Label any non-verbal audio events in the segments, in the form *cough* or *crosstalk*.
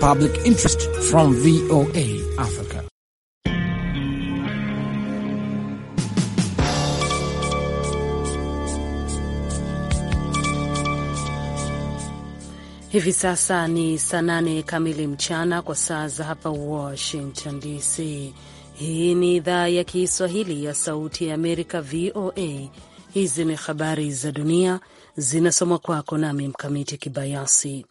Public interest from VOA Africa. Hivi sasa ni saa nane kamili mchana kwa saa za hapa Washington DC. Hii ni idhaa ya Kiswahili ya Sauti ya Amerika, VOA. Hizi ni habari za dunia zinasomwa kwako nami Mkamiti Kibayasi.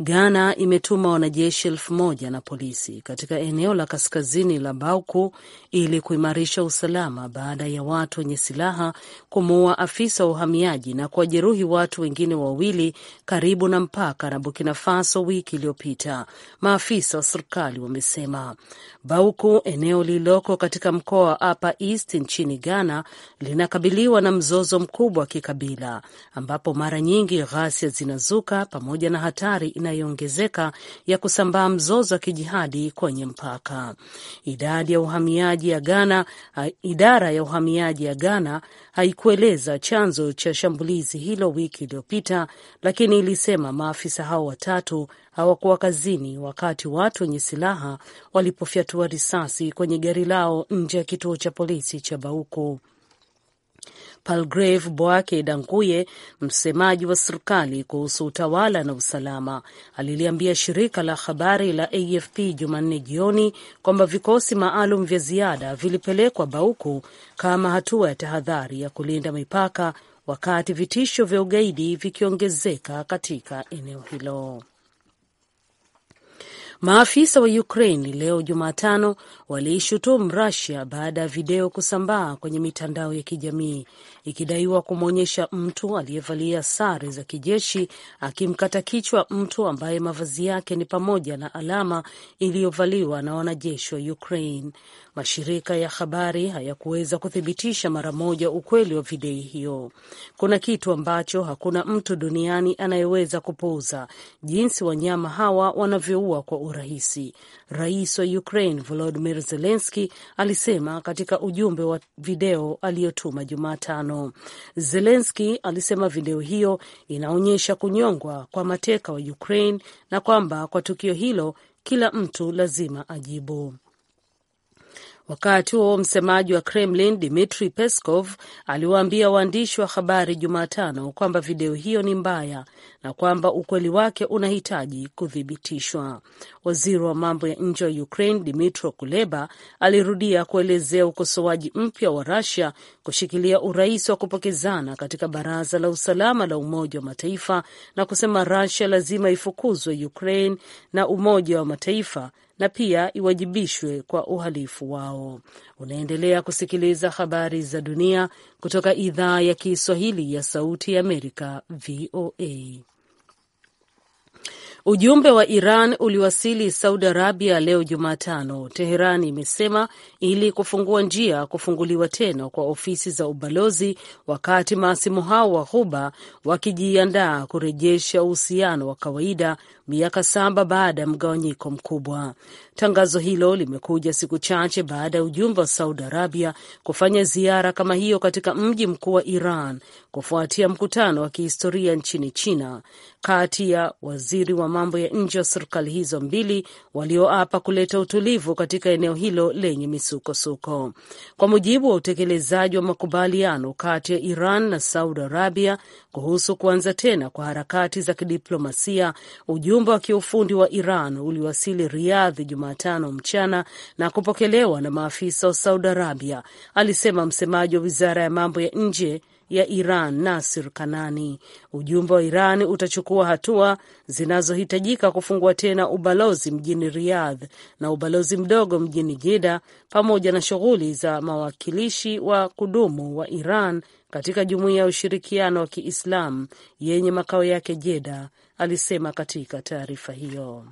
Ghana imetuma wanajeshi elfu moja na polisi katika eneo la kaskazini la Bauku ili kuimarisha usalama baada ya watu wenye silaha kumuua afisa wa uhamiaji na kuwajeruhi watu wengine wawili karibu na mpaka na Burkina Faso wiki iliyopita, maafisa wa serikali wamesema. Bauku, eneo lililoko katika mkoa wa Upper East nchini Ghana, linakabiliwa na mzozo mkubwa wa kikabila ambapo mara nyingi ghasia zinazuka pamoja na hatari inayoongezeka ya kusambaa mzozo wa kijihadi kwenye mpaka. Idadi ya uhamiaji uhamiaji ya Ghana, idara ya uhamiaji ya Ghana haikueleza chanzo cha shambulizi hilo wiki iliyopita, lakini ilisema maafisa hao watatu hawakuwa kazini wakati watu wenye silaha walipofyatua risasi kwenye gari lao nje ya kituo cha polisi cha bauku Palgrave Boake Danguye, msemaji wa serikali kuhusu utawala na usalama, aliliambia shirika la habari la AFP Jumanne jioni kwamba vikosi maalum vya ziada vilipelekwa Bauku kama hatua ya tahadhari ya kulinda mipaka wakati vitisho vya ugaidi vikiongezeka katika eneo hilo. Maafisa wa Ukraine leo Jumatano waliishutumu Russia baada ya video kusambaa kwenye mitandao ya kijamii ikidaiwa kumwonyesha mtu aliyevalia sare za kijeshi akimkata kichwa mtu ambaye mavazi yake ni pamoja na alama iliyovaliwa na wanajeshi wa Ukraine. Mashirika ya habari hayakuweza kuthibitisha mara moja ukweli wa video hiyo. Kuna kitu ambacho hakuna mtu duniani anayeweza kupuuza, jinsi wanyama hawa wanavyoua kwa urahisi, rais wa Ukraine Volodymyr Zelensky alisema katika ujumbe wa video aliyotuma Jumatano. Zelensky alisema video hiyo inaonyesha kunyongwa kwa mateka wa Ukraine na kwamba kwa tukio hilo kila mtu lazima ajibu. Wakati huo msemaji wa Kremlin Dmitri Peskov aliwaambia waandishi wa habari Jumatano kwamba video hiyo ni mbaya na kwamba ukweli wake unahitaji kuthibitishwa. Waziri wa mambo ya nje wa Ukraine Dmitro Kuleba alirudia kuelezea ukosoaji mpya wa rasia kushikilia urais wa kupokezana katika Baraza la Usalama la Umoja wa Mataifa na kusema rasia lazima ifukuzwe Ukraine na Umoja wa Mataifa na pia iwajibishwe kwa uhalifu wao. Unaendelea kusikiliza habari za dunia kutoka idhaa ya Kiswahili ya Sauti ya Amerika, VOA. Ujumbe wa Iran uliwasili Saudi Arabia leo Jumatano, Teheran imesema ili kufungua njia kufunguliwa tena kwa ofisi za ubalozi, wakati maasimu hao wa Ghuba wakijiandaa kurejesha uhusiano wa kawaida miaka saba baada ya mgawanyiko mkubwa. Tangazo hilo limekuja siku chache baada ya ujumbe wa Saudi Arabia kufanya ziara kama hiyo katika mji mkuu wa Iran kufuatia mkutano wa kihistoria nchini China kati ya waziri wa mambo ya nje wa serikali hizo mbili walioapa kuleta utulivu katika eneo hilo lenye misukosuko. Kwa mujibu wa utekelezaji wa makubaliano kati ya Iran na Saudi Arabia kuhusu kuanza tena kwa harakati za kidiplomasia, ujumbe Ujumbe wa kiufundi wa Iran uliwasili Riadhi Jumatano mchana na kupokelewa na maafisa wa Saudi Arabia, alisema msemaji wa wizara ya mambo ya nje ya Iran Nasir Kanani. Ujumbe wa Iran utachukua hatua zinazohitajika kufungua tena ubalozi mjini Riyadh na ubalozi mdogo mjini Jida, pamoja na shughuli za mawakilishi wa kudumu wa Iran katika Jumuiya ya Ushirikiano wa Kiislamu yenye makao yake Jeda alisema katika taarifa hiyo.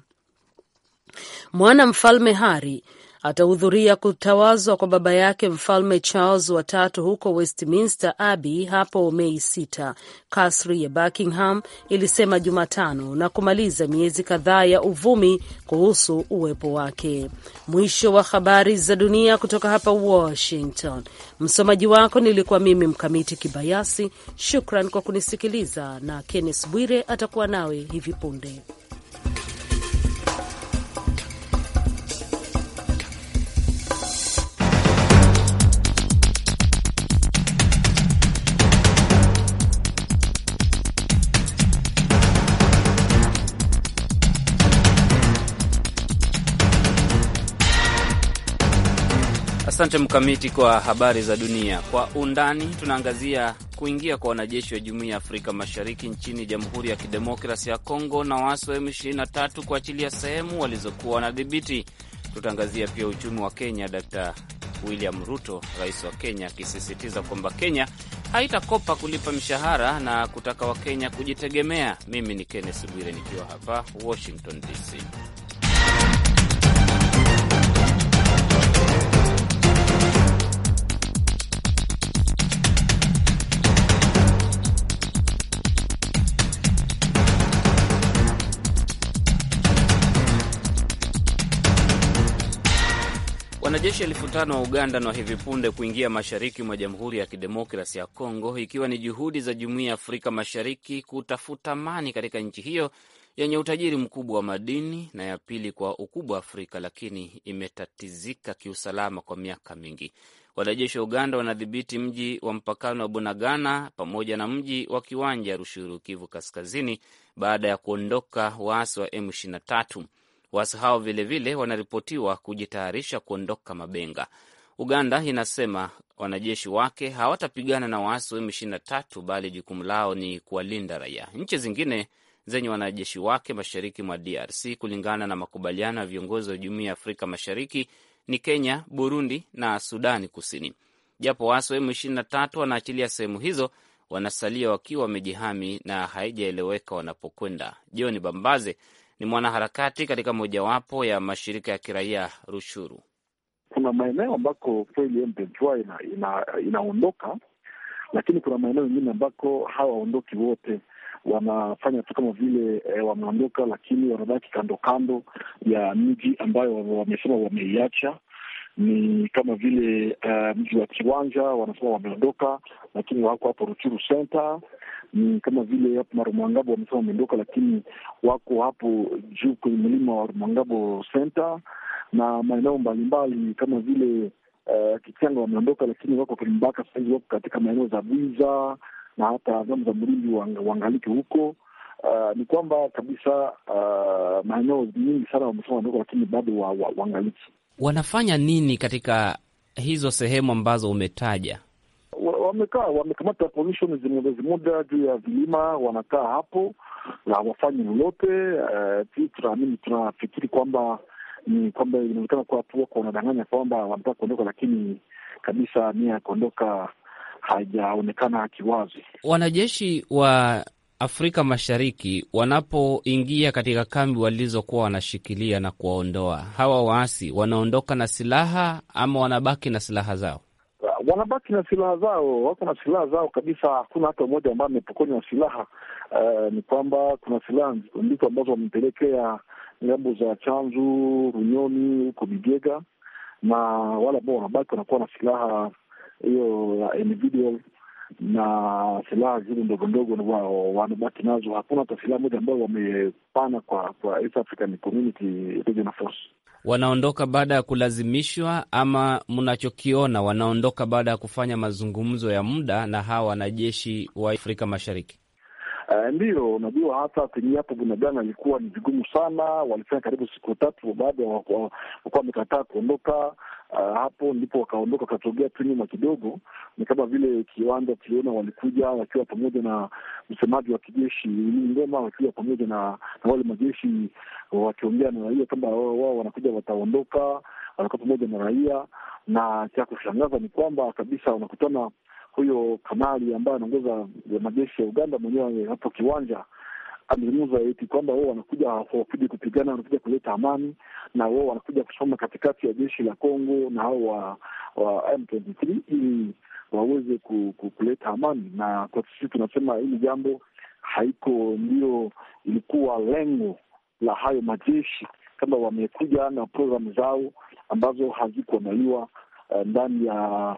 Mwana mfalme Hari atahudhuria kutawazwa kwa baba yake Mfalme Charles watatu huko Westminster Abbey hapo Mei sita, kasri ya Buckingham ilisema Jumatano, na kumaliza miezi kadhaa ya uvumi kuhusu uwepo wake. Mwisho wa habari za dunia kutoka hapa Washington. Msomaji wako nilikuwa mimi Mkamiti Kibayasi. Shukran kwa kunisikiliza, na Kenneth Bwire atakuwa nawe hivi punde. Asante Mkamiti kwa habari za dunia. Kwa undani tunaangazia kuingia kwa wanajeshi wa Jumuiya ya Afrika Mashariki nchini Jamhuri ya Kidemokrasi ya Kongo na waasi wa M23 kuachilia sehemu walizokuwa wanadhibiti. Tutaangazia pia uchumi wa Kenya, Dkt William Ruto, rais wa Kenya, akisisitiza kwamba Kenya haitakopa kulipa mshahara na kutaka Wakenya kujitegemea. Mimi ni kennes Bwire nikiwa hapa Washington DC. Wanajeshi elfu tano wa Uganda na hivi punde kuingia mashariki mwa Jamhuri ya Kidemokrasi ya Kongo, ikiwa ni juhudi za Jumuiya ya Afrika Mashariki kutafuta amani katika nchi hiyo yenye utajiri mkubwa wa madini na ya pili kwa ukubwa wa Afrika, lakini imetatizika kiusalama kwa miaka mingi. Wanajeshi wa Uganda wanadhibiti mji wa mpakano wa Bunagana pamoja na mji wa Kiwanja Rushuru, Kivu Kaskazini, baada ya kuondoka waasi wa M23. Waasi hao vilevile wanaripotiwa kujitayarisha kuondoka Mabenga. Uganda inasema wanajeshi wake hawatapigana na waasi wa M23 bali jukumu lao ni kuwalinda raia. Nchi zingine zenye wanajeshi wake mashariki mwa DRC kulingana na makubaliano ya viongozi wa Jumuiya ya Afrika Mashariki ni Kenya, Burundi na Sudani Kusini. Japo waasi wa M23 wanaachilia sehemu hizo, wanasalia wakiwa wamejihami na haijaeleweka wanapokwenda. Jioni Bambaze ni mwanaharakati katika mojawapo ya mashirika ya kiraia Rushuru. Kuna maeneo ambako kweli M23 inaondoka, ina, ina lakini kuna maeneo mengine ambako hawaondoki wote wanafanya tu kama vile e, wameondoka lakini wanabaki kando kando ya miji ambayo wamesema wameiacha, ni kama vile uh, mji wa Kiwanja wanasema wameondoka, lakini wako hapo Ruchuru Center. Ni kama vile hapo Marumangabo wamesema wameondoka, lakini wako hapo juu kwenye mlima wa Rumangabo Center na maeneo mbalimbali kama vile uh, Kichanga wameondoka, lakini wako kwenye mpaka sahizi, wako katika maeneo za Biza na hata zamu za Mrindi waangalike huko. Uh, ni kwamba kabisa uh, maeneo nyingi sana wamesema waondoka, lakini bado wa, wa, wa wanafanya nini katika hizo sehemu ambazo umetaja? Wamekaa, wamekamata position zimuda juu ya vilima, wanakaa hapo na wafanyi lolote. Uh, eh, tunaamini tunafikiri kwamba ni kwamba inaonekana kuwa tu wako wanadanganya kwamba wanataka kuondoka, lakini kabisa nia ya kuondoka haijaonekana kiwazi. Wanajeshi wa Afrika Mashariki wanapoingia katika kambi walizokuwa wanashikilia na kuwaondoa hawa waasi, wanaondoka na silaha ama wanabaki na silaha zao? Wanabaki na silaha zao, wako na silaha zao kabisa. Hakuna hata mmoja ambaye amepokonywa silaha. Uh, ni kwamba kuna silaha nzito ambazo wamepelekea ngambo za Chanzu, Runyoni, huko Bigega, na wale ambao wanabaki wanakuwa na silaha hiyo ya individual na silaha zile ndogo ndogo wanabaki nazo. Hakuna hata silaha moja ambayo wamepana kwa kwa East African Community Regional Force. Wanaondoka baada ya kulazimishwa, ama mnachokiona, wanaondoka baada ya kufanya mazungumzo ya muda na hawa wanajeshi wa Afrika Mashariki? Uh, eh, ndiyo, unajua hata timu hapo Bunagana ilikuwa ni vigumu sana, walifanya karibu siku tatu baada ya kuwa wamekataa kuondoka Uh, hapo ndipo wakaondoka wakatogea tu nyuma kidogo. Ni kama vile kiwanda tuliona walikuja wakiwa pamoja na msemaji wa kijeshi ulii Ngoma, wakiwa pamoja na, na wale majeshi wakiongea na raia kwamba wao wanakuja wataondoka, wanakuwa pamoja na raia. Na cha kushangaza ni kwamba kabisa wanakutana huyo kanali ambaye anaongoza majeshi ya Uganda mwenyewe hapo kiwanja amezungumza eti kwamba wao wanakuja hawakuja kupigana, wanakuja kuleta amani, na wao wanakuja kusoma katikati ya jeshi la Kongo na hao wa wa M23 ili waweze ku, ku, kuleta amani. Na kwa sisi tunasema hili jambo haiko ndio ilikuwa lengo la hayo majeshi, kama wamekuja na programu zao ambazo hazikuandaliwa Eh, ndani ya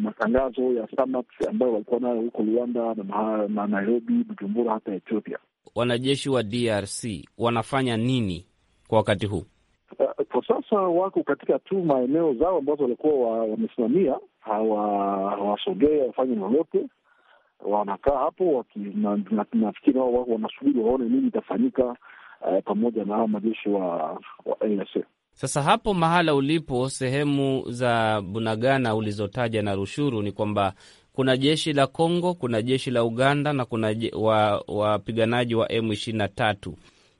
matangazo ya SAMAK ambayo walikuwa nayo huko Luanda na Nairobi, Bujumbura, hata Ethiopia. Wanajeshi wa DRC wanafanya nini kwa wakati huu? Uh, kwa sasa wako katika tu maeneo zao ambazo walikuwa wamesimamia, hawasogei wafanye lolote, wanakaa hapo. Nafikiri wao wanasubiri waone nini itafanyika, uh, pamoja na hawa majeshi wa, wa ASA. Sasa hapo mahala ulipo, sehemu za Bunagana ulizotaja na Rushuru, ni kwamba kuna jeshi la Kongo, kuna jeshi la Uganda na kuna wapiganaji wa, wa M23.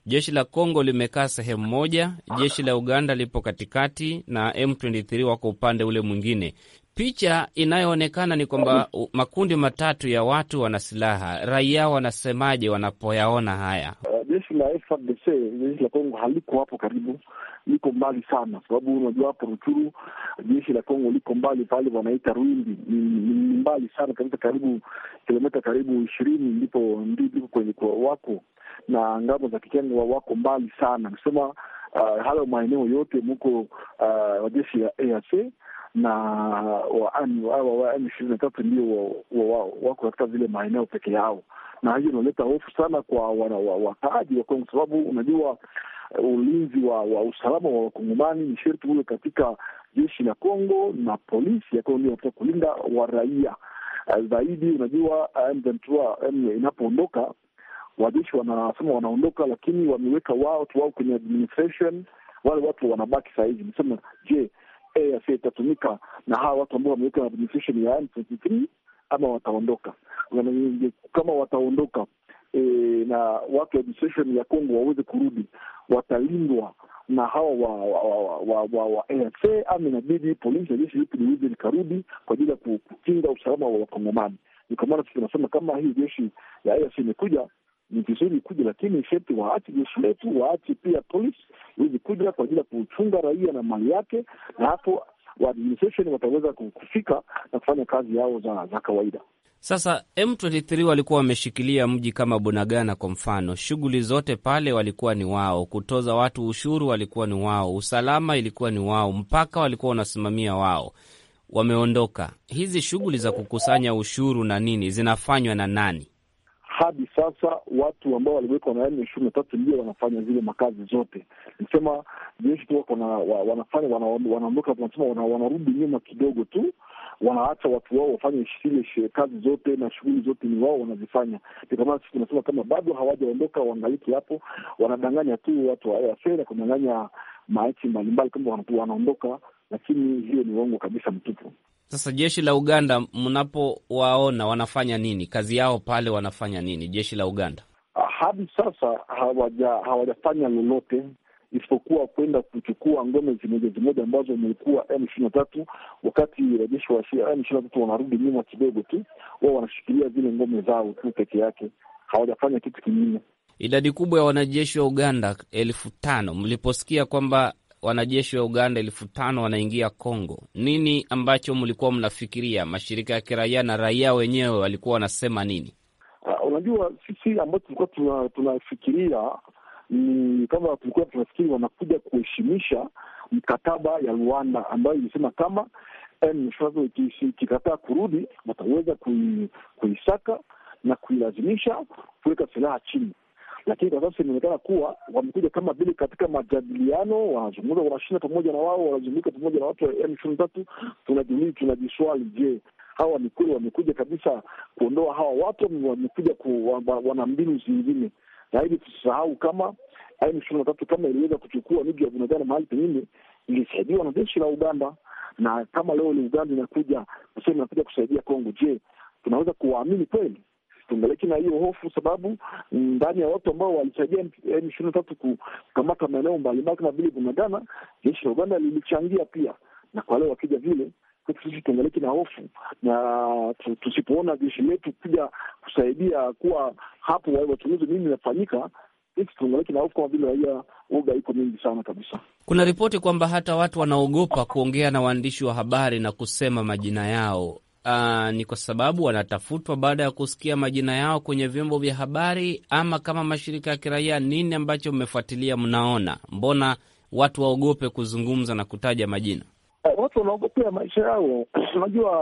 Jeshi la Kongo limekaa sehemu moja, jeshi la Uganda lipo katikati na M23 wako upande ule mwingine. Picha inayoonekana ni kwamba makundi matatu ya watu wana silaha. Raia wanasemaje wanapoyaona haya? Uh, jeshi la FARDC, jeshi la Kongo haliko hapo karibu liko mbali sana, sababu unajua hapo Ruchuru jeshi la Kongo liko mbali pale, wanaita Rwindi, ni mbali sana kabisa, karibu kilomita karibu ishirini ndipo ndipo kwenye kwa wako na ngambo za Kichani wa wako mbali sana kusema Uh, hayo maeneo yote muko uh, wajeshi ya EAC na wa M ishirini na tatu ndio wako katika zile maeneo peke yao, na hiyo inaleta hofu sana kwa wakaaji wa Kongo, sababu unajua Eh, ulinzi wa, wa usalama wa wakongomani ni sherti huyo katika jeshi la Kongo na polisi ya Kongo ndio wanataka kulinda raia eh, zaidi. Unajua eh, inapoondoka wajeshi wanasema wanaondoka, lakini wameweka watu wao kwenye administration, wale watu wanabaki sahizi. Nisema je, EAC itatumika na hawa watu ambao wameweka administration ya M23 ama wataondoka? Kama wataondoka e, na watu wa administration ya Kongo waweze kurudi, watalindwa na hawa wa wa wa wa AFC ama inabidi polisi na jeshi letu liweze likarudi kwa ajili ya kukinga usalama wa Wakongomani. Ni kwa maana tunasema kama hii jeshi ya AFC imekuja ni vizuri ikuja, lakini sheti waache jeshi letu, waache pia polisi iweze kuja kwa ajili ya kuchunga raia na mali yake, na hapo administration wataweza kufika na kufanya kazi yao za, za kawaida. Sasa M23 walikuwa wameshikilia mji kama Bunagana kwa mfano, shughuli zote pale walikuwa ni wao, kutoza watu ushuru walikuwa ni wao, usalama ilikuwa ni wao, mpaka walikuwa wanasimamia wao. Wameondoka. Hizi shughuli za kukusanya ushuru na nini zinafanywa na nani? hadi sasa watu ambao waliwekwa na yani ishirini na tatu ndio wanafanya zile makazi zote. Nisema jeshi tu wako wanafanya wanaondoka, tunasema wanarudi nyuma kidogo tu, wanaacha watu wao wafanye zile kazi zote na shughuli zote ni wao wanazifanya. Ndio maana sisi tunasema kama bado hawajaondoka waangaliki hapo, wanadanganya tu watu wa na kudanganya machi mbalimbali kama wanaondoka, lakini hiyo ni uongo kabisa mtupu. Sasa jeshi la Uganda mnapowaona wanafanya nini? Kazi yao pale wanafanya nini? Jeshi la Uganda ah, hadi sasa hawaja hawajafanya lolote isipokuwa kwenda kuchukua ngome zimoja zimoja ambazo imekuwa M ishirini na tatu. Wakati wajeshi wa M ishirini na tatu wanarudi nyuma kidogo tu, wao wanashikilia zile ngome zao tu peke yake, hawajafanya kitu kingine. Idadi kubwa ya wanajeshi wa Uganda elfu tano mliposikia kwamba wanajeshi wa Uganda elfu tano wanaingia congo Nini ambacho mlikuwa mnafikiria? Mashirika ya kiraia na raia wenyewe walikuwa wanasema nini? Uh, unajua sisi ambacho tulikuwa tunafikiria ni kama tulikuwa tunafikiri wanakuja kuheshimisha mkataba ya Rwanda ambayo ilisema kama ikikataa kurudi wataweza kuisaka na kuilazimisha kuweka silaha chini lakini kwa sasa imeonekana kuwa wamekuja kama vile katika majadiliano, wanazungumza kwa mashina pamoja na wao, wanajumuika pamoja na watu wa M ishirini na tatu. Tunajiswali, je, hawa ni kweli wamekuja kabisa kuondoa hawa watu, wamekuja wana mbinu zingine? Na hili tusisahau kama M ishirini na tatu kama iliweza kuchukua miji ya Bunagana mahali pengine ilisaidiwa na jeshi la Uganda, na kama leo ni Uganda inakuja kusema inakuja kusaidia Kongo, je tunaweza kuwaamini kweli? tungelekina hiyo hofu, sababu mm, ndani ya watu ambao walichangia M ishirini tatu kukamata maeneo mbalimbali kama vile Bunagana, jeshi la Uganda lilichangia pia, na kwa leo wakija vile sisi tuangaliki na hofu na tusipoona jeshi letu kuja kusaidia kuwa hapo wachunguzi nini inafanyika, sisi tuangaliki na hofu kama vile raia. Uga iko mingi sana kabisa. Kuna ripoti kwamba hata watu wanaogopa kuongea na waandishi wa habari na kusema majina yao uh, ni kwa sababu wanatafutwa baada ya kusikia majina yao kwenye vyombo vya habari, ama kama mashirika ya kiraia, nini ambacho mmefuatilia? Mnaona mbona watu waogope kuzungumza na kutaja majina? Eh, watu wanaogopea maisha yao. *clears throat* Unajua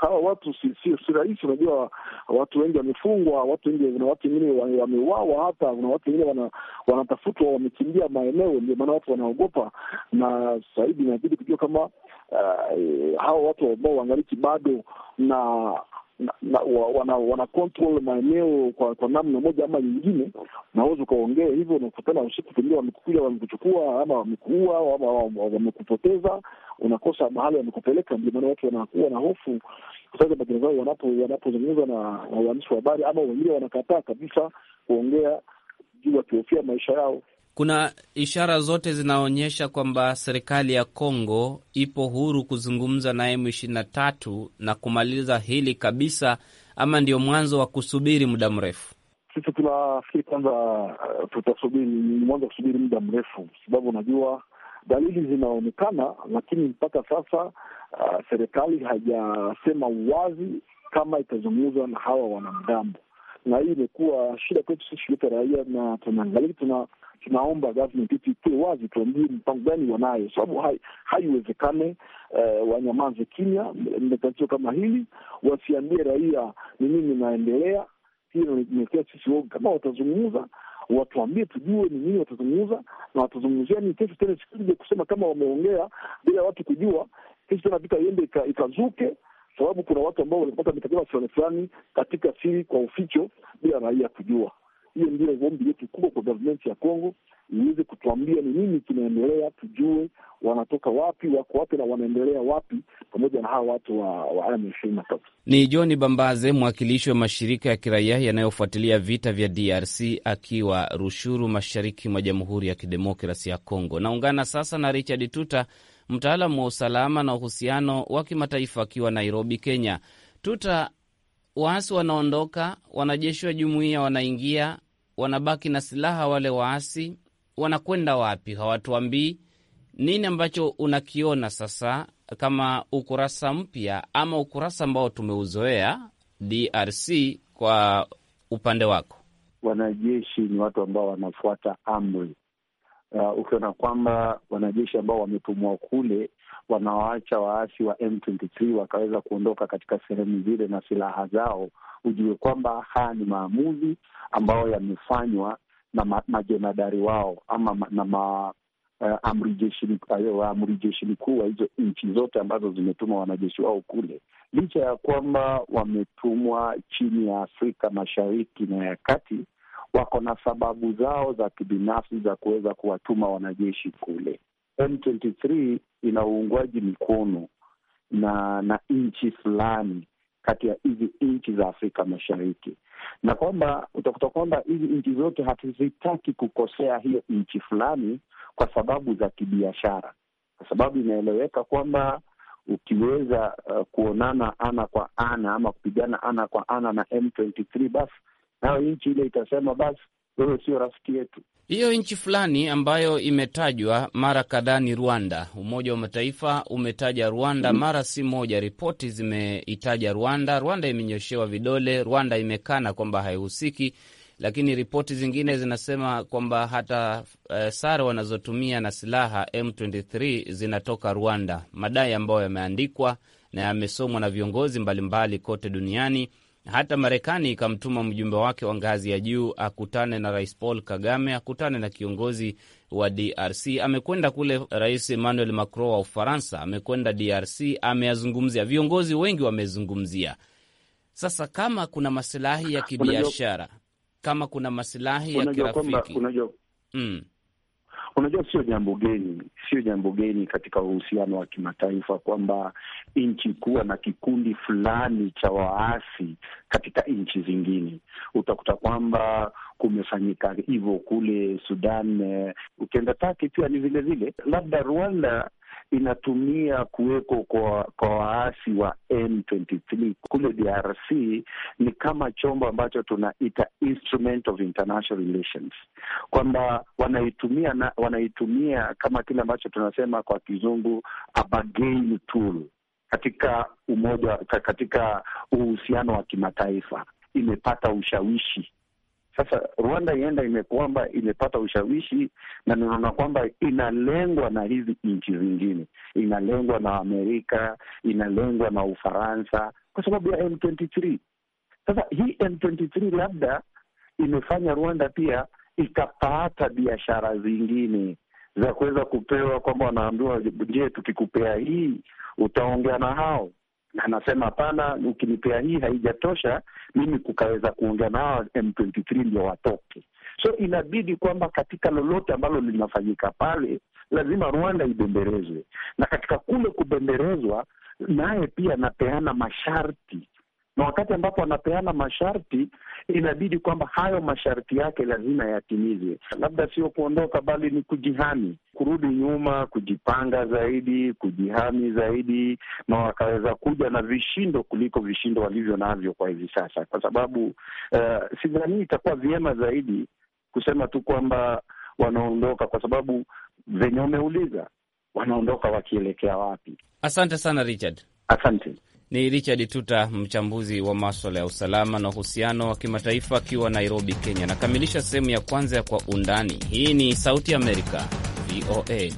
hawa watu si, si, si rahisi. Unajua watu wengi wamefungwa, watu wengi, kuna watu wengine wameuawa, hapa kuna watu wengine wanatafutwa, wamekimbia maeneo, ndio maana watu wanaogopa. Na zaidi inabidi kujua kama uh, watu ambao waangalizi bado na na, na, wana, wana control maeneo kwa, kwa namna moja ama nyingine. Unaweza ukaongea hivyo, unakutana usiku, pengine wamekukuja wamekuchukua, ama wamekuua, ama wamekupoteza, unakosa mahali wamekupeleka. Ndio maana watu wanakuwa na hofu kutaja majina zao wanapozungumza na waandishi wa habari, ama wengine wanakataa kabisa kuongea juu wakihofia maisha yao kuna ishara zote zinaonyesha kwamba serikali ya Kongo ipo huru kuzungumza na M23 na kumaliza hili kabisa, ama ndio mwanzo wa kusubiri muda mrefu? Sisi tunafikiri kwanza uh, tutasubiri, ni mwanzo wa kusubiri muda mrefu, sababu unajua dalili zinaonekana, lakini mpaka sasa uh, serikali haijasema wazi kama itazungumza na hawa wanamgambo, na hii imekuwa shida kwetu sisi shirika raia, na tunaangalia tuna tunaomba government ituikue wazi, tuambie mpango gani wanayo, sababu haiwezekane uh, wanyamaze kimya matatizo kama hili, wasiambie raia ni nini inaendelea. Hiyo imetia sisi woga. Kama watazungumza watuambie tujue ni nini watazungumza na watazungumzia ni Kesi tena sikuja kusema kama wameongea bila watu kujua, kesi tena vita iende ikazuke, sababu kuna watu ambao walipata mikataba fulani fulani katika siri, kwa uficho, bila raia kujua. Hiyo ndio ombi yetu kubwa kwa gavmenti ya Kongo, iweze kutuambia ni nini kinaendelea, tujue wanatoka wapi, wako wapi na wanaendelea wapi, pamoja na hawa watu wa, ishirini na tatu. Ni John Bambaze, mwakilishi wa mashirika ya kiraia yanayofuatilia vita vya DRC akiwa Rushuru, mashariki mwa Jamhuri ya Kidemokrasi ya Kongo. Naungana sasa na Richard Tuta, mtaalamu wa usalama na uhusiano wa kimataifa akiwa Nairobi, Kenya. Tuta, waasi wanaondoka, wanajeshi wa jumuiya wanaingia wanabaki na silaha wale waasi wanakwenda wapi? Hawatuambii. Nini ambacho unakiona sasa kama ukurasa mpya ama ukurasa ambao tumeuzoea DRC kwa upande wako? Wanajeshi ni watu ambao wanafuata amri. Uh, ukiona kwamba wanajeshi ambao wametumwa kule wanawaacha waasi wa M23 wakaweza kuondoka katika sehemu zile na silaha zao, ujue kwamba haya ni maamuzi ambayo yamefanywa na ma, majenadari wao ama na ma, uh, amri jeshi mkuu wa hizo nchi zote ambazo zimetuma wanajeshi wao kule, licha ya kwamba wametumwa chini ya Afrika Mashariki na ya Kati, wako na sababu zao za kibinafsi za kuweza kuwatuma wanajeshi kule. M23 ina uungwaji mkono na na nchi fulani kati ya hizi nchi za Afrika Mashariki, na kwamba utakuta kwamba hizi nchi zote hatuzitaki kukosea hiyo nchi fulani kwa sababu za kibiashara, kwa sababu inaeleweka kwamba ukiweza uh, kuonana ana kwa ana ama kupigana ana kwa ana na M23, basi nayo nchi ile itasema basi wewe sio rafiki yetu. Hiyo nchi fulani ambayo imetajwa mara kadhaa ni Rwanda. Umoja wa Mataifa umetaja Rwanda mm-hmm. mara si moja, ripoti zimeitaja Rwanda. Rwanda imenyoshewa vidole, Rwanda imekana kwamba haihusiki, lakini ripoti zingine zinasema kwamba hata e, sare wanazotumia na silaha M23 zinatoka Rwanda, madai ambayo yameandikwa na yamesomwa na viongozi mbalimbali mbali kote duniani hata Marekani ikamtuma mjumbe wake wa ngazi ya juu akutane na Rais Paul Kagame, akutane na kiongozi wa DRC. Amekwenda kule Rais Emmanuel Macron wa Ufaransa, amekwenda DRC, ameyazungumzia, viongozi wengi wamezungumzia. Sasa kama kuna masilahi ya kibiashara, kama kuna masilahi ya kirafiki, unajua, mm. Unajua, sio jambo geni, sio jambo geni katika uhusiano wa kimataifa kwamba nchi kuwa na kikundi fulani cha waasi katika nchi zingine. Utakuta kwamba kumefanyika hivyo kule Sudan, eh, ukienda Taki pia ni vilevile, labda Rwanda inatumia kuweko kwa, kwa waasi wa M23 kule DRC ni kama chombo ambacho tunaita instrument of international relations, kwamba wanaitumia na, wanaitumia kama kile ambacho tunasema kwa kizungu a bargaining tool katika umoja, katika uhusiano wa kimataifa imepata ushawishi sasa Rwanda ienda imekwamba imepata ushawishi, na ninaona kwamba inalengwa na hizi nchi zingine, inalengwa na Amerika, inalengwa na Ufaransa kwa sababu ya M23. Sasa hii M23 labda imefanya Rwanda pia ikapata biashara zingine za kuweza kupewa, kwamba wanaambiwa, je, tukikupea hii utaongea na hao na anasema hapana, ukinipea hii haijatosha, mimi kukaweza kuongea na hawa M23 ndio watoke. So inabidi kwamba katika lolote ambalo linafanyika pale lazima Rwanda ibemberezwe, na katika kule kubemberezwa naye pia anapeana masharti na wakati ambapo anapeana masharti, inabidi kwamba hayo masharti yake lazima yatimizwe, labda sio kuondoka, bali ni kujihami, kurudi nyuma, kujipanga zaidi, kujihami zaidi, na wakaweza kuja na vishindo kuliko vishindo walivyo navyo kwa hivi sasa, kwa sababu uh, sidhani itakuwa vyema zaidi kusema tu kwamba wanaondoka kwa sababu venye umeuliza, wanaondoka wakielekea wapi? Asante sana Richard, asante. Ni Richard Tuta, mchambuzi wa maswala ya usalama na uhusiano wa kimataifa akiwa Nairobi, Kenya. Nakamilisha sehemu ya kwanza ya Kwa Undani. Hii ni Sauti Amerika, VOA.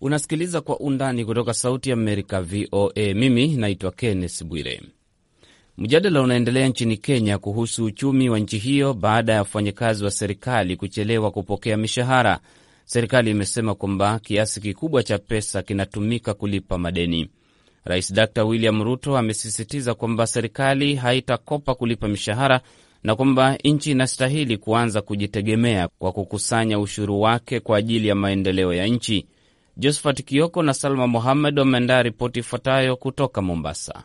Unasikiliza Kwa Undani kutoka Sauti Amerika, VOA. Mimi naitwa Kenneth Bwire. Mjadala unaendelea nchini Kenya kuhusu uchumi wa nchi hiyo baada ya wafanyakazi wa serikali kuchelewa kupokea mishahara. Serikali imesema kwamba kiasi kikubwa cha pesa kinatumika kulipa madeni. Rais Dr William Ruto amesisitiza kwamba serikali haitakopa kulipa mishahara na kwamba nchi inastahili kuanza kujitegemea kwa kukusanya ushuru wake kwa ajili ya maendeleo ya nchi. Josephat Kioko na Salma Mohamed wameandaa ripoti ifuatayo kutoka Mombasa.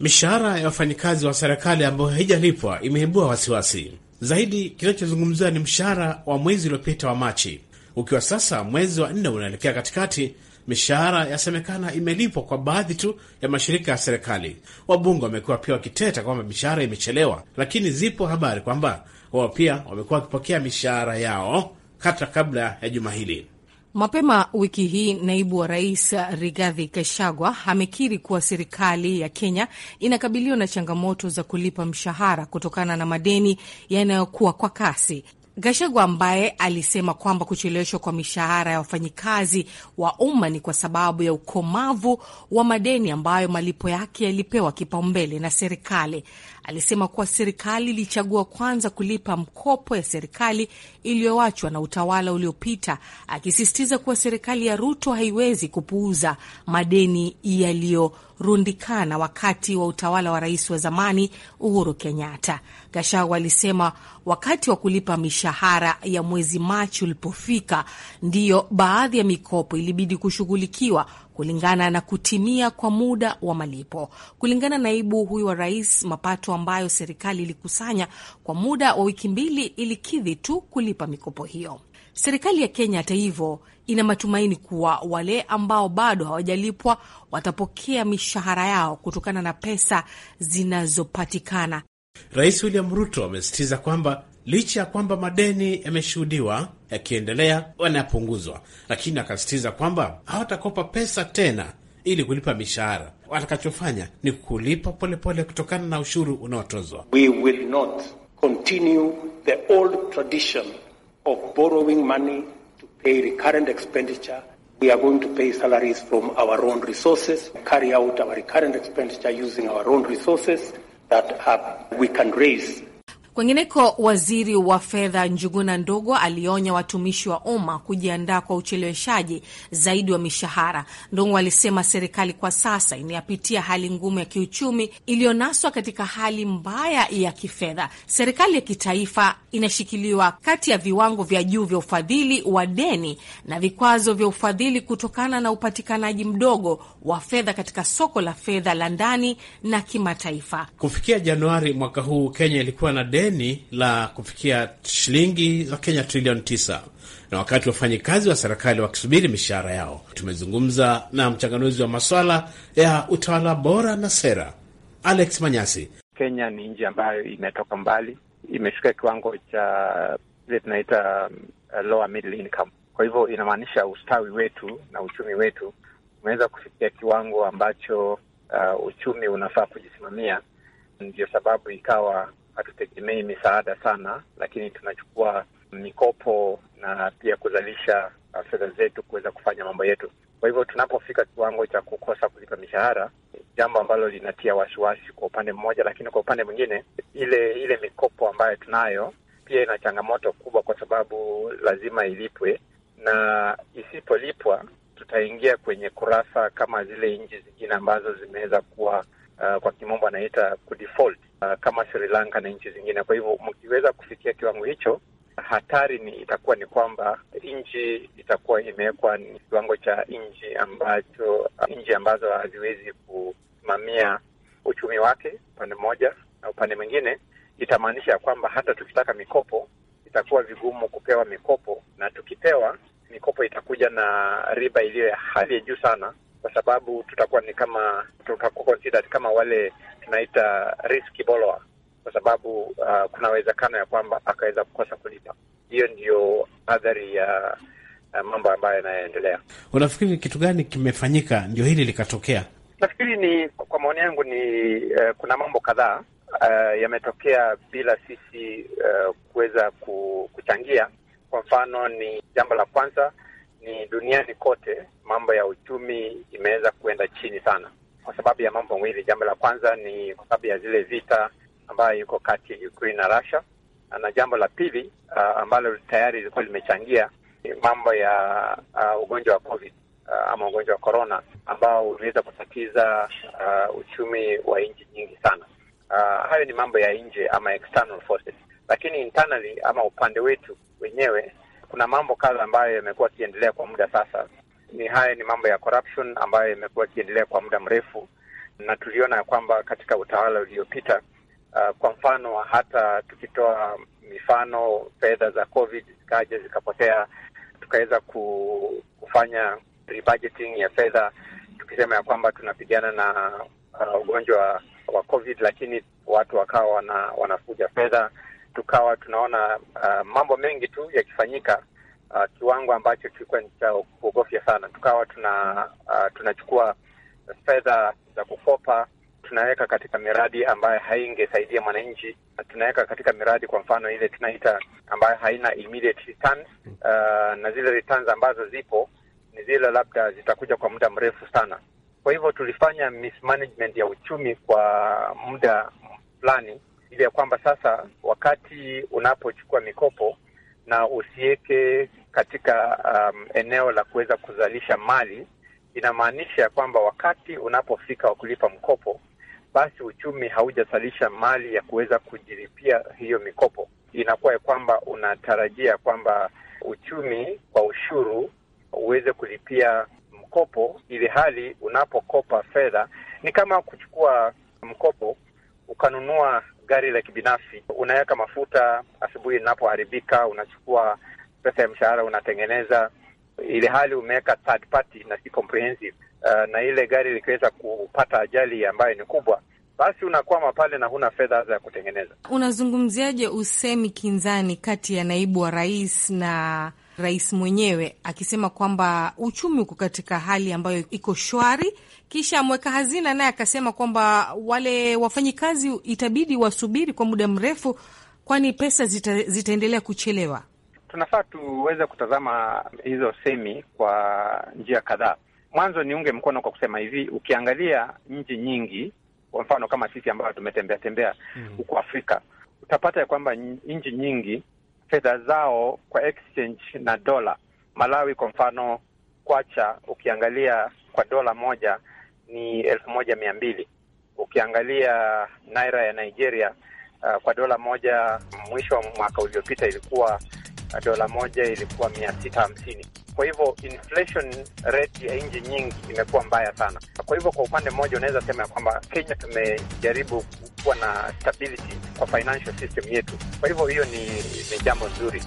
Mishahara ya wafanyikazi wa serikali ambayo haijalipwa imeibua wasiwasi zaidi. Kinachozungumziwa ni mshahara wa mwezi uliopita wa Machi, ukiwa sasa mwezi wa nne unaelekea katikati. Mishahara yasemekana imelipwa kwa baadhi tu ya mashirika ya serikali. Wabunge wamekuwa pia wakiteta kwamba mishahara imechelewa, lakini zipo habari kwamba wao pia wamekuwa wakipokea mishahara yao hata kabla ya juma hili. Mapema wiki hii naibu wa rais Rigathi Gachagua amekiri kuwa serikali ya Kenya inakabiliwa na changamoto za kulipa mshahara kutokana na madeni yanayokuwa kwa kasi. Gachagua ambaye alisema kwamba kucheleweshwa kwa mishahara ya wafanyikazi wa umma ni kwa sababu ya ukomavu wa madeni ambayo malipo yake yalipewa kipaumbele na serikali alisema kuwa serikali ilichagua kwanza kulipa mkopo ya serikali iliyoachwa na utawala uliopita, akisisitiza kuwa serikali ya Ruto haiwezi kupuuza madeni yaliyorundikana wakati wa utawala wa rais wa zamani Uhuru Kenyatta. Gachagua alisema wakati wa kulipa mishahara ya mwezi Machi ulipofika, ndiyo baadhi ya mikopo ilibidi kushughulikiwa kulingana na kutimia kwa muda wa malipo. Kulingana naibu huyu wa rais, mapato ambayo serikali ilikusanya kwa muda wa wiki mbili ilikidhi tu kulipa mikopo hiyo. Serikali ya Kenya hata hivyo ina matumaini kuwa wale ambao bado hawajalipwa watapokea mishahara yao kutokana na pesa zinazopatikana. Rais William Ruto amesisitiza kwamba licha ya kwamba madeni yameshuhudiwa yakiendelea wanapunguzwa, lakini akasisitiza kwamba hawatakopa pesa tena ili kulipa mishahara. Watakachofanya ni kulipa polepole kutokana na ushuru unaotozwa. We will not continue the old tradition of borrowing money to pay recurrent expenditure. We are going to pay salaries from our own resources, carry out our recurrent expenditure using our own resources that we can raise Kwengineko, waziri wa fedha Njuguna Ndogo alionya watumishi wa umma kujiandaa kwa ucheleweshaji zaidi wa mishahara. Ndogo alisema serikali kwa sasa inayapitia hali ngumu ya kiuchumi iliyonaswa katika hali mbaya ya kifedha. Serikali ya kitaifa inashikiliwa kati ya viwango vya juu vya ufadhili wa deni na vikwazo vya ufadhili kutokana na upatikanaji mdogo wa fedha katika soko la fedha la ndani na kimataifa. Kufikia Januari mwaka huu, Kenya ilikuwa na deni deni la kufikia shilingi za Kenya trilioni tisa na wakati wafanyikazi wa serikali wakisubiri mishahara yao. Tumezungumza na mchanganuzi wa maswala ya utawala bora na sera, Alex Manyasi. Kenya ni nchi ambayo imetoka mbali, imefika kiwango cha ile tunaita um, lower middle income. Kwa hivyo inamaanisha ustawi wetu na uchumi wetu umeweza kufikia kiwango ambacho uh, uchumi unafaa kujisimamia. Ndio sababu ikawa hatutegemei misaada sana, lakini tunachukua mikopo na pia kuzalisha uh, fedha zetu kuweza kufanya mambo yetu. Kwa hivyo tunapofika kiwango cha kukosa kulipa mishahara, jambo ambalo linatia wasiwasi kwa upande mmoja, lakini kwa upande mwingine, ile ile mikopo ambayo tunayo pia ina changamoto kubwa, kwa sababu lazima ilipwe, na isipolipwa tutaingia kwenye kurasa kama zile nchi zingine ambazo zimeweza kuwa uh, kwa kimombo anaita kudefault uh, kama Sri Lanka na nchi zingine. Kwa hivyo mkiweza kufikia kiwango hicho, hatari ni itakuwa ni kwamba nchi itakuwa imewekwa ni kiwango cha nchi ambacho uh, nchi ambazo haziwezi kusimamia uchumi wake upande mmoja na upande mwingine, itamaanisha ya kwamba hata tukitaka mikopo itakuwa vigumu kupewa mikopo, na tukipewa mikopo itakuja na riba iliyo ya hali ya juu sana kwa sababu tutakuwa ni kama tutakuwa considered kama wale tunaita risky borrower, kwa sababu uh, kuna uwezekano ya kwamba akaweza kukosa kulipa. Hiyo ndiyo athari ya uh, uh, mambo ambayo yanayoendelea. Unafikiri kitu gani kimefanyika ndio hili likatokea? Nafikiri ni kwa maoni yangu ni uh, kuna mambo kadhaa uh, yametokea bila sisi uh, kuweza kuchangia. Kwa mfano, ni jambo la kwanza ni duniani kote mambo ya uchumi imeweza kuenda chini sana kwa sababu ya mambo mawili. Jambo la kwanza ni kwa sababu ya zile vita ambayo iko kati ya Ukraine na Russia, na jambo la pili uh, ambalo tayari ilikuwa limechangia ni mambo ya uh, ugonjwa wa COVID uh, ama ugonjwa wa corona ambao uliweza kutatiza uh, uchumi wa nchi nyingi sana. Uh, hayo ni mambo ya nje ama external forces, lakini internally ama upande wetu wenyewe kuna mambo kadha ambayo yamekuwa akiendelea kwa muda sasa ni haya ni mambo ya corruption ambayo imekuwa ikiendelea kwa muda mrefu, na tuliona ya kwamba katika utawala uliopita, uh, kwa mfano hata tukitoa mifano, fedha za COVID zikaja zikapotea, tukaweza kufanya rebudgeting ya fedha tukisema ya kwamba tunapigana na uh, ugonjwa wa COVID, lakini watu wakawa wana, wanafuja fedha, tukawa tunaona uh, mambo mengi tu yakifanyika uh, kiwango ambacho kilikuwa ni cha kuogofya sana. Tukawa tuna uh, tunachukua fedha za kukopa tunaweka katika miradi ambayo haingesaidia mwananchi, na tunaweka katika miradi, kwa mfano ile tunaita ambayo haina immediate returns, uh, na zile returns ambazo zipo ni zile labda zitakuja kwa muda mrefu sana. Kwa hivyo tulifanya mismanagement ya uchumi kwa muda fulani, ili ya kwamba sasa wakati unapochukua mikopo na usiweke katika um, eneo la kuweza kuzalisha mali, inamaanisha ya kwamba wakati unapofika wa kulipa mkopo, basi uchumi haujazalisha mali ya kuweza kujilipia hiyo mikopo. Inakuwa ya kwamba unatarajia kwamba uchumi kwa ushuru uweze kulipia mkopo, ili hali unapokopa fedha ni kama kuchukua mkopo ukanunua gari la kibinafsi, unaweka mafuta asubuhi inapoharibika, unachukua pesa ya mshahara unatengeneza, ili hali umeweka third party na si comprehensive. Uh, na ile gari likiweza kupata ajali ambayo ni kubwa basi unakwama pale na huna fedha za kutengeneza. Unazungumziaje usemi kinzani kati ya naibu wa rais na rais mwenyewe akisema kwamba uchumi uko katika hali ambayo iko shwari. Kisha mweka hazina naye akasema kwamba wale wafanyikazi itabidi wasubiri kwa muda mrefu, kwani pesa zita, zitaendelea kuchelewa. Tunafaa tuweze kutazama hizo semi kwa njia kadhaa. Mwanzo niunge mkono kwa kusema hivi, ukiangalia nchi nyingi, kwa mfano kama sisi ambayo tumetembea tembea mm. huko mm, Afrika utapata ya kwamba nchi nyingi fedha zao kwa exchange na dola. Malawi kwa mfano, kwacha ukiangalia kwa dola moja ni elfu moja mia mbili. Ukiangalia naira ya Nigeria uh, kwa dola moja, mwisho wa mwaka uliopita ilikuwa uh, dola moja ilikuwa mia sita hamsini. Kwa hivyo inflation rate ya nchi nyingi imekuwa mbaya sana. Kwa hivyo kwa upande mmoja unaweza sema ya kwamba Kenya tumejaribu kuwa na stability kwa financial system yetu, kwa hivyo hiyo ni, ni jambo nzuri.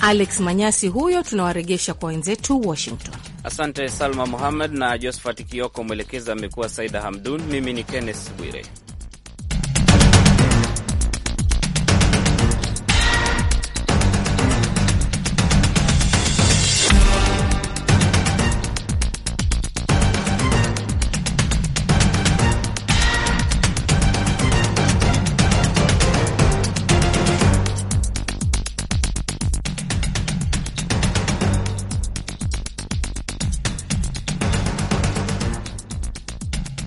Alex Manyasi huyo, tunawaregesha kwa wenzetu Washington. Asante Salma Muhammad na Josephat Kioko, mwelekezi amekuwa Saida Hamdun, mimi ni Kenneth Bwire.